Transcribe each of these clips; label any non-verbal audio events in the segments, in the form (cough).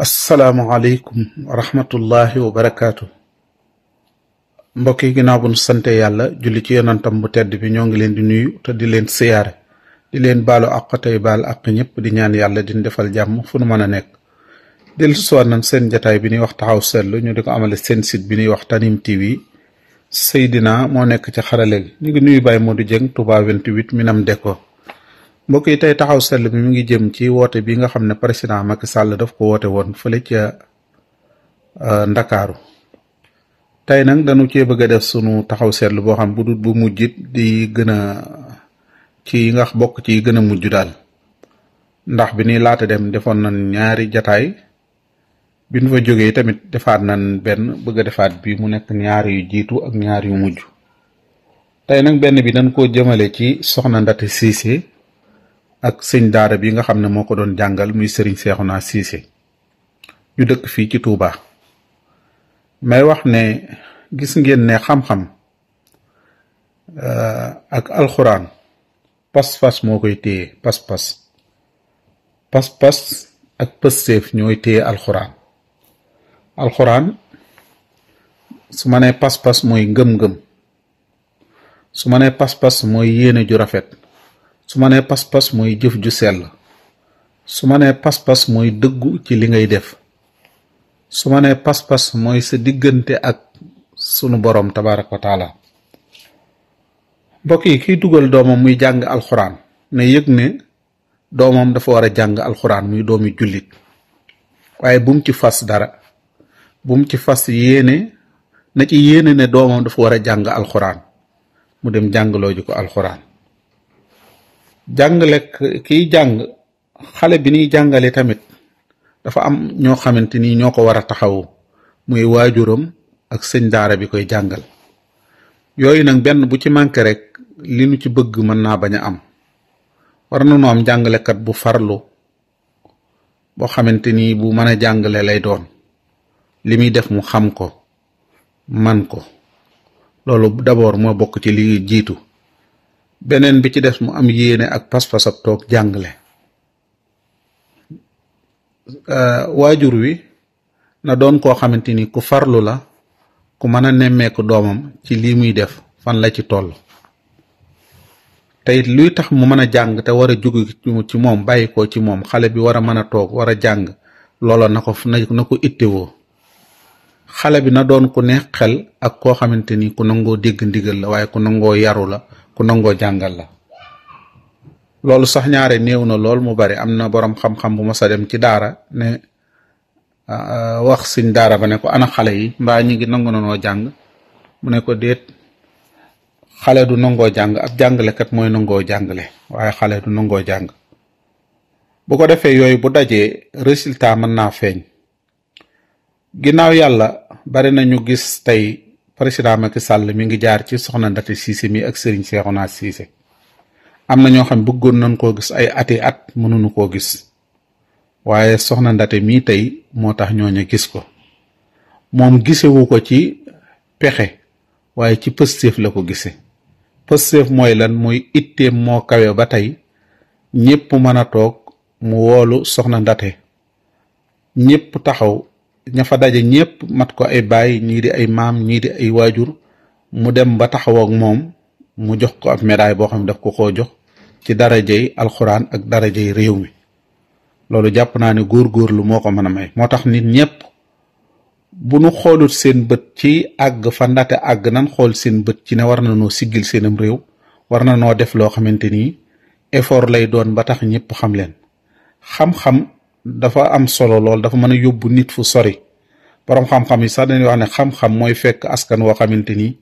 asalaamualeykum wa rahmatullahi wa barakaatu. mbokk yi ginnaaw bu nu sante yàlla julli ci yonantam bu tedd bi ñoo ngi leen di nuyu te di leen siyaare di leen baalu àq tey baal àq ñëpp di ñaan yàlla din defal jàmm fu nu mën a nekk. dellu siwaat nañ seen jataay bi ñuy wax taxaw seetlu ñu di ko amale seen sit bi ñuy wax Tanim TV Seydina moo nekk ci xarale gi ñu ngi nuyu Baye Modou Dieng Touba 28 Minam Deko. mbokk yi tey taxaw seetlu bi mi ngi jëm ci woote bi nga xam ne président Macky sàll daf ko woote woon fële ca euh, Ndakaaru tey nag dañu cee bëgg a def sunu taxaw seetlu boo xam bu dul bu mujjit di gën a ci nga bokk ci gën a mujj daal ndax bi ni laata dem defoon nañ ñaari jataay bi nu fa jógee tamit defaat nañ benn bëgg a defaat bi mu nekk ñaar yu jiitu ak ñaar yu mujj tey nag benn bi dañ koo jëmale ci soxna Ndati Cissé ak sëñ daara bi nga xam ne moo ko doon jàngal muy sëriñ Seexuna Siise ñu dëkk fii ci Touba may wax ne gis ngeen ne xam-xam euh, ak alxuraan pas-pas moo koy téye pas-pas pas-pas ak pësteef ñooy téye alxuraan alxuraan su ma nee pas-pas mooy ngëm-ngëm su ma nee pas-pas mooy yéene ju rafet su ma nee pas-pas mooy jëf ju sell su ma nee pas-pas mooy dëggu ci li ngay def su ma nee pas-pas mooy sa diggante ak sunu boroom tabaaraka wa mbokk yi kiy dugal doomam muy jàng alxuraan na yëg ne doomam dafa war a jàng alxuraan muy doomi jullit waaye bum ci fas dara bum ci fas yéene na ci yéene ne doomam dafa war a jàng alxuraan mu dem jàngaloo ko alxuraan jàngale kiy jàng xale bi nuy jàngale tamit dafa am ñoo xamante ni ñoo ko war a taxawu muy waajuram ak sëñ daara bi koy jàngal yooyu nag benn bu ci manqué rek li nu ci bëgg mën naa bañ a am war na noo am jàngalekat bu farlu boo xamante ni bu mën a jàngale lay doon li muy def mu xam ko man ko loolu d'abord moo bokk ci li jiitu beneen bi ci des mu am yéene ak pas ab toog jàngale euh, waajur wi na doon koo xamante ni ku farlu la ku mën a nemmeeku doomam ci lii muy def fan la ci toll te luy tax mu mën a jàng te war a jóg ci moom bàyyi ko ci moom xale bi war a mën a toog war a jàng loolo na ko na ko ittewoo xale bi na doon ku neex xel ak koo xamante ni ku nangoo dégg ndigal la waaye ku nangoo yaru la ku nangoo jàngal la loolu sax ñaare néew na lool mu bari am na boroom xam-xam bu mas a dem ci daara ne ah, ah, wax suñ daara ba ne ko ana xale yi mbaa ñi ngi nangu nanoo jàng mu ne ko déet xale du nangoo jàng ab jàngalekat mooy nangoo jàngale waaye xale du nangoo jàng bu ko defee yooyu bu dajee résultat mën naa feeñ ginnaaw yàlla bari na ñu gis tey président Macky sàll mi ngi jaar ci soxna Ndate Cissé mi ak Serigne naa siise am na ñoo xam bëggoon nañ koo gis ay ati at mënuñu koo gis waaye soxna Ndate mii tey moo tax ñooñu gis ko moom gisewu ko ci pexe waaye ci pëstéef la ko gise pëstéef mooy lan mooy itteem moo kawe ba tey ñépp mën a toog mu woolu soxna Ndate ñépp taxaw ña fa daje ñépp mat ko ay baay ñii di ay maam ñii di ay waajur mu dem ba taxaw moom mu jox ko ab médaille boo xam ne daf ko koo jox ci darajey alxuraan ak darajey réew mi loolu jàpp naa ne góor góorgóorlu moo ko mën a may moo tax nit ñépp bu nu xoolut seen bët ci àgg fa ndate àgg nan xool seen bët ci ne war na noo siggil seenam réew war na noo def loo xamante ni effort lay doon ba tax ñépp xam leen xam-xam dafa am solo lool dafa mën a yóbbu nit fu sori borom xam-xam yi sax dañuy wax ne xam-xam mooy fekk askan woo xamante ni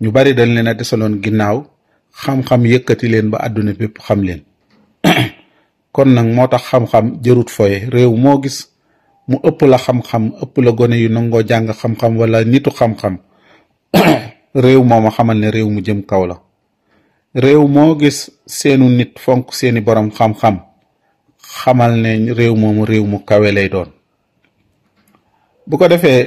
ñu bari dañ leen a desaloon ginnaaw xam-xam yëkkati leen ba àdduna bépp xam leen (clears throat) kon nag moo tax xam-xam jërut foye réew moo gis mu ëpp la xam-xam ëpp la gone yu nangoo jàng xam-xam wala nitu xam-xam (clears throat) réew xamal ne réew mu jëm kaw la réew moo gis seenu nit fonk seeni borom xam-xam xamal ne réew moomu réew mu kawe lay doon bu ko defee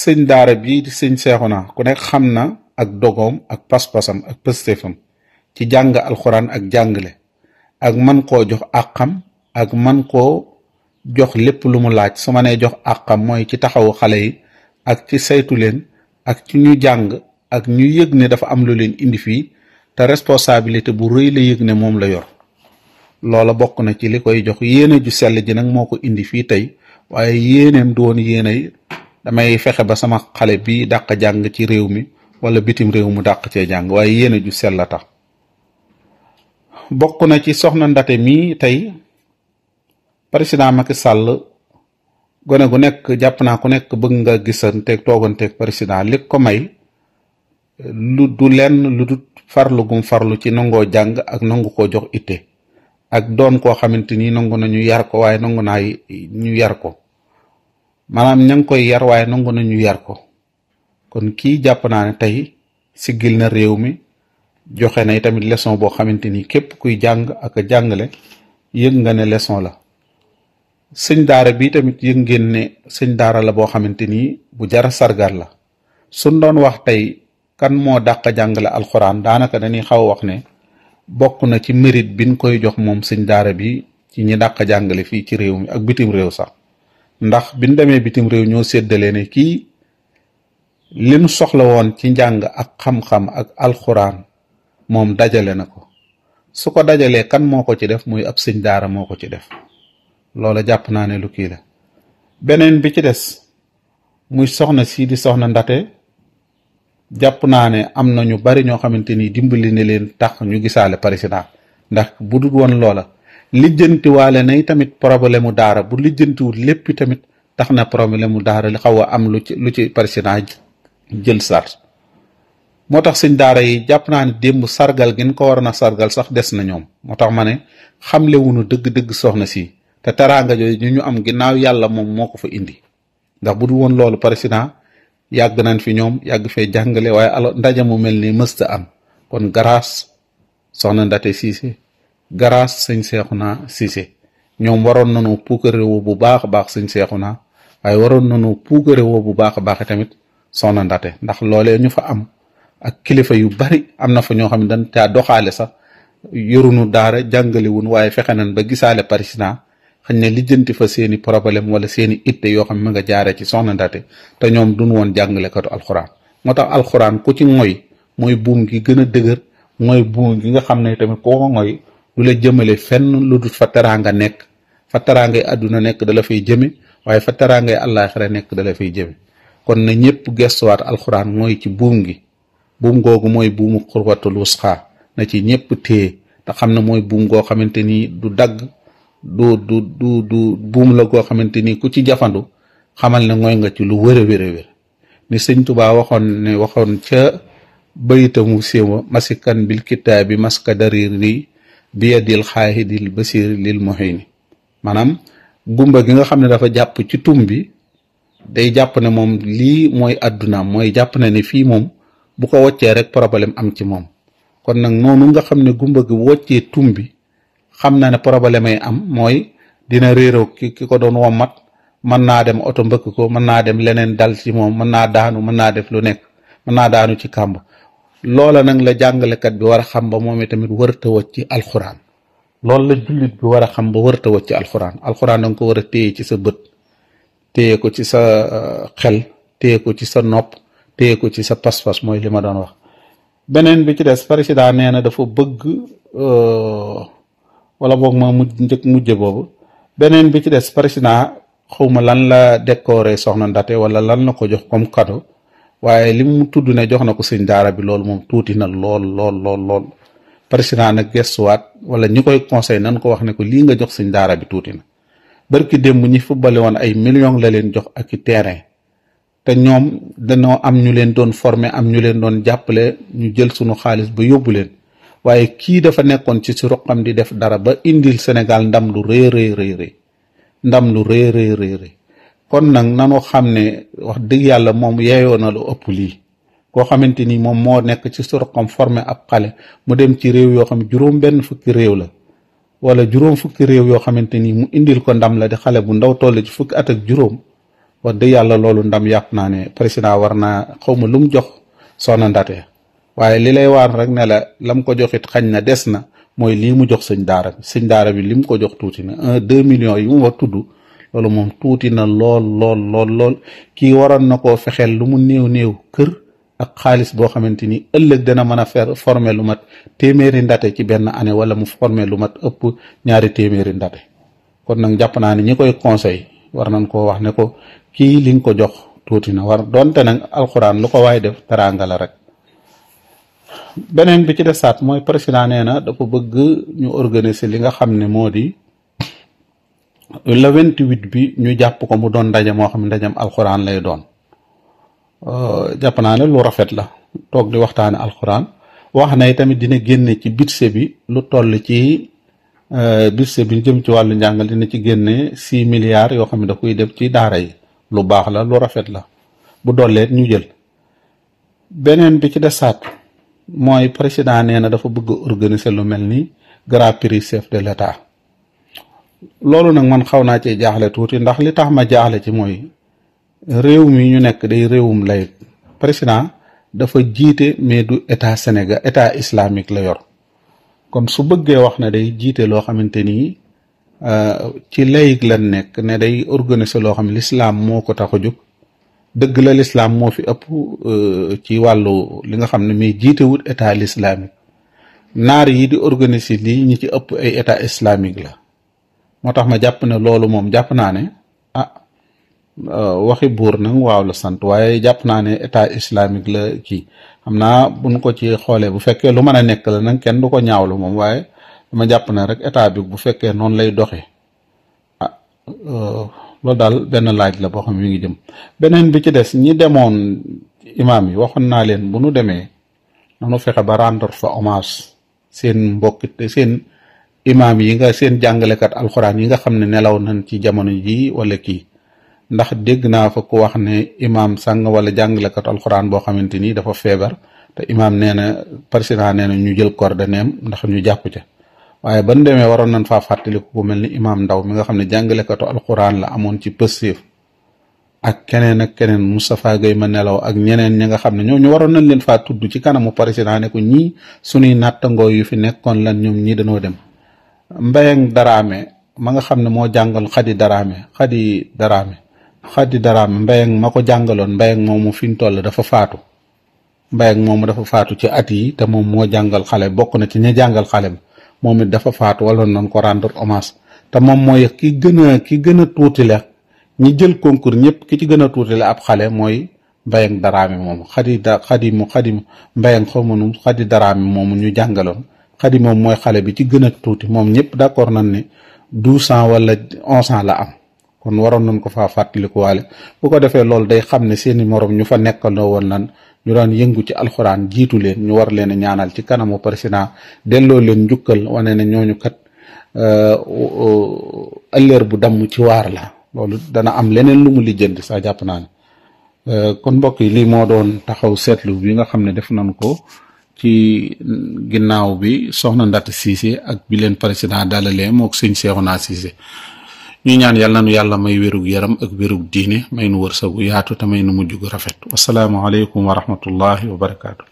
sëñ daara bii di sëñ Seexuna ku nekk xam na ak dogoom ak pas-pasam ak pëstéefam ci jàng alxuraan ak jàngale ak man koo jox àqam ak man koo jox lépp lu mu laaj su ma nee jox àqam mooy ci taxawu xale yi ak ci saytu leen ak ci ñu jàng ak ñu yëg ne dafa am lu leen indi fii te responsabilité bu rëy la yëg ne moom la yor loola bokk na ci li koy jox yéene ju sell ji nag moo ko indi fii tey waaye yéeneem du woon yéene damay fexe ba sama xale bi dàq jàng ci réew mi wala bitim réew mu dàq cee jàng waaye yéene ju sell la tax bokk na ci soxna Ndate mii tey président Macky sàll gone gu nekk jàpp naa ku nekk bëgg nga gisanteeg tooganteeg président li ko may lu du lenn lu du farlu gum farlu ci nangoo jàng ak nangu koo jox itte ak doon koo xamante ni nangu na ñu yar ko waaye nangu naa ñu yar ko maanaam ña koy yar waaye nangu na ñu yar ko kon kii jàpp naa ne tey siggil na réew mi joxe na tamit leçon boo xamante ni képp kuy jàng ak a jàngale yëg nga ne leçon la sëñ daara bi tamit yëg ngeen ne sëñ daara la boo xamante ni bu jara sargar la suñ doon wax tey kan moo daq dàq jàngale alxuraan daanaka dañuy xaw wax ne bokk na ci mérite biñ koy jox moom sëñ daara bi ci ñi dàq jàngale fii ci réew mi ak bitim réew sax ndax biñ demee bitim réew ñoo séddalee ne kii lim soxla woon ci njàng ak xam-xam ak alxuraan moom dajale na ko su ko dajalee kan moo ko ci def muy ab sëñ daara moo ko ci def loola jàpp naa ne lu kii la beneen bi ci des muy soxna sii di soxna ndate jàpp naa ne am na ñu bari ñoo xamante ni dimbali ne leen tax ñu gisaale président ndax bu dul woon loola lijjantiwaale nay tamit problème mu daara bu lijjantiwul lépp tamit tax na problème mu daara li xaw a am lu ci lu ci président jël sar moo tax sëñ daara yi jàpp naa ne démb sargal gin ko waroon a sargal sax des na ñoom moo tax ma ne xamle dëgg-dëgg soxna si te teraanga jooyu yàlla moom moo ko fa indi loolu président yàgg nañ fi ñoom yàgg fee jàngale waaye alors ndaje mu mel ni mësta am kon garaas soxna Ndate Cissé grâce sëñ Seexuna Cissé ñoom waroon nañu puukare woo bu baax a baax sëñ na waaye waroon nañu puukare woo bu baax a baax tamit soxna Ndate ndax loolee ñu fa am ak kilifa yu bari am na fa ñoo xam ne dañ caa doxaale sax yorunu daara jàngale wun waaye fexe nañ ba gisaale président xañ ne lijjanti fa seeni problème wala seeni itte yoo xam mu nga jaaree ci soxna Ndaté te ñoom duñ woon jàngalekatu alxuraan moo tax alxuraan ku ci mooy mooy buum gi gën a dëgër mooy buum gi nga xam ne tamit ko mooy la jëmale fenn lu dul fa nekk fa àdduna nekk da la fay jëme waaye fa teraangay nekk da la fay kon na ñëpp gestuwaat alxuraan mooy ci buum gi buum googu mooy buumu xurwatul wusxaa na ci ñëpp téye te xam ne mooy buum goo xamante ni du dagg du du du du buum la goo xamante ni ku ci jafandu xamal na mooy nga ci lu wér a wér ni sëñ Tuubaa waxoon ne waxoon ca baytamu séema masikan bil bi maska darir ni biyadil xaahidil basir lil muhini maanaam gumba gi nga xam ne dafa jàpp ci tum bi day jàpp ne moom lii mooy àdduna mooy jàpp ne ni fii moom bu ko woccee rek problème am ci moom kon nag noonu nga xam ne gumba gi woccee tum bi xam na ne problème yi am mooy dina réeroo ki ki ko doon wommat mën naa dem oto mbëkk ko mën naa dem leneen dal ci moom mën naa daanu mën naa def lu nekk mën naa daanu ci kàmb loola nag la jàngalekat bi war a xam ba moom tamit wërta wacc ci alxuraan loolu la jullit bi war a xam ba wërta wacc ci alxuraan alxuraan da nga ko war a téye ci sa bët téye ko ci sa euh, xel téye ko ci sa nopp téye ko ci sa pas-pas mooy li ma doon wax beneen bi ci des président nee na dafa euh, wala boog ma mujj njëkk mujj boobu beneen bi ci des président xawma lan la décoré soxna Ndate wala lan la ko jox comme cadeau waaye li mu tudd na jox na ko sëñ daara bi loolu moom tuuti na lool lool lool lool président nag gestuwaat wala ñi koy conseil nan ko wax ne ko lii nga jox sëñ daara bi tuuti na barki démb ñi fubbale woon ay millions la leen jox ak i terrain te ñoom dañoo am ñu leen doon former am ñu leen doon jàppale ñu jël suñu xaalis ba yóbbu leen waaye kii dafa nekkoon ci si di def dara ba indil Sénégal ndam lu rëy rëy rëy ndam lu rëy kon nag nanu xam ne wax dëgg yàlla moom yeeyoo na lu ëpp lii koo xamante ni moom moo nekk ci si ruqam formé ab xale mu dem ci réew yoo xam juróom benn fukki réew la wala juróom fukki réew yoo xamante ni mu indil ko ndam la di xale bu ndaw toll ci fukki at ak juróom wax dëgg yàlla loolu ndam yàpp naa ne président war naa xaw ma lu mu jox soxna Ndaté waaye li lay waar rek ne la lam ko joxit xañ na des na mooy lii mu jox sëñ daara bi sëñ daara bi lim ko jox tuuti na un deux millions yi mu war tudd loolu moom tuuti na lool lool lool kii waroon na koo fexeel lu mu néew néew kër ak xaalis boo xamante ni ëllëg dana mën a fer former lu mat téeméeri ndate ci benn année wala mu former lu mat ëpp ñaari téeméeri ndate kon nag jàpp naa ne ñi koy conseil war nañ koo wax ne ko kii li nga ko jox tuuti na war donte nag alxuraan lu ko waay def teraanga rek beneen bi ci desaat mooy président nee na dafa bëgg ñu organiser li nga xam ne moo di le vingt-huit bi ñu jàpp ko mu doon ndaje moo xam ne ndajem alxuraan lay doon euh, jàpp naa ne lu rafet la toog di waxtaane alxuraan wax na tamit dina génne ci budget bi lu toll ci euh, budget bi jëm ci wàllu njàngal dina ci génne six milliards yoo xam ne da koy def ci daara yi lu baax la lu rafet la bu dolleet ñu jël beneen bi ci desaat mooy président nee na dafa bëgg organiser lu mel ni grand prix chef de l'état loolu nag man xaw naa cee jaaxle tuuti ndax li tax ma jaaxle ci mooy réew mi ñu nekk day réewum lay président dafa jiite mais du état Sénégal état islamique la yor kon su bëggee wax ne day jiite loo xamante ni euh, ci layig lan nekk ne day organiser loo xam ne l'islam moo ko tax jóg dëgg la lislaam moo fi ëpp euh, ci wàllu li nga xam ne mii jiitewut état l'islamique naar yi di organiser lii ñi ci ëpp ay état islamique la moo tax ma jàpp na loolu moom jàpp naa ne ah euh, waxi buur nag waaw la sant waaye jàpp naa ne état islamique la ci xam naa buñ ko ci xoolee bu fekkee lu mën a nekk la nag kenn du ko ñaawlu moom waaye dama jàpp ne rek état bi bu fekkee noonu lay doxe ah, euh, loolu daal benn laaj la boo xam ne mi ngi jëm beneen bi ci des ñi demoon imaam yi waxoon naa leen bu nu demee nanu fexe ba rendre fa hommage seen mbokk seen imaam yi nga seen jàngalekat alxuraan yi nga xam ne nelaw nañ ci jamono jii wala kii ndax dégg naa fa ku wax ne imaam sàng wala jàngalekat alxuraan boo xamante ni dafa feebar te imaam nee na président nee na ñu jël cordeneem ndax ñu jàpp ca waaye ban demee waroon nañ faa fàttaliku ku mel ni imaam ndaw mi nga xam ne jàngalekatu alxuraan la amoon ci pëstéef ak keneen ak keneen Moustapha Guèye ma nelaw ak ñeneen ñi nga xam ne ñoom ñu waroon nañ leen faa tudd ci kanamu président ne ko ñii suñuy nattangoo yu fi nekkoon lan ñoom ñii dañoo dem Mbayang Daraame ma nga xam ne moo jàngal Xadi Daraame Xadi Daraame Xadi Daraame Mbayang ma ko jàngaloon Mbayang moomu fi mu toll dafa faatu Mbayang moomu dafa faatu ci at yi te moom moo jàngal xale bokk na ci ña jàngal xale moom it dafa faat waloon nañ ko rendre hommage te moom mooy ki gën a ki gën a tuuti la ñi jël concours ñëpp ki ci gën a tuuti la ab xale mooy Mbayang Daraame moomu xadi da xadi mu xadi Mbayang xaw ma nu xadi Daraame moomu ñu jàngaloon xadi moom mooy xale bi ci gën a tuuti moom ñëpp d'accord nañ ni douze ans wala onze ans la am kon waroon nañ ko faa fàttalikuwaale bu ko defee loolu day xam ne seeni moroom ñu fa nekkandoo woon lan ñu yëngu ci alxuraan jiitu leen ñu war leen a ñaanal ci kanamu président delloo leen njukkal wanee na ñooñu kat euh, euh, ëllëg bu damm ci waar la loolu dana am leneen lu mu lijjanti saa jàpp naa ne euh, kon mbokk yi lii moo doon taxaw seetlu bi nga xam ne def nañ ko ci ginnaaw bi soxna Ndaty Cissé ak bi leen président dalalee mook sëñ Seexuna Cissé ñu ñaan yàlla nu yàlla may wérug yaram ak wérug diine may nu wërsagu yaatu te may nu mujj gu rafet wasalaamualeykum wa rahmatullahi wa barakaatu.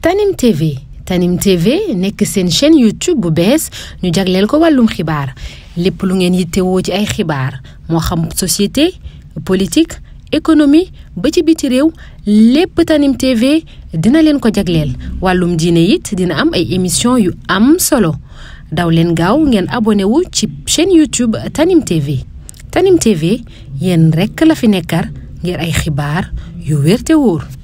Tanim TV Tanim TV nekk seen chaîne YouTube bu bees ñu jagleel ko wàllum xibaar lépp lu ngeen yittewoo ci ay xibaar moo xam société politique économie ba ci biti réew lépp Tanim TV dina leen ko jagleel wàllum diine it dina am ay émission yu am solo. daw leen gaaw ngeen abonné wu ci chaîne YouTube Tanim TV Tanim TV yéen rekk la fi nekkar ngir ay xibaar yu wér te wóor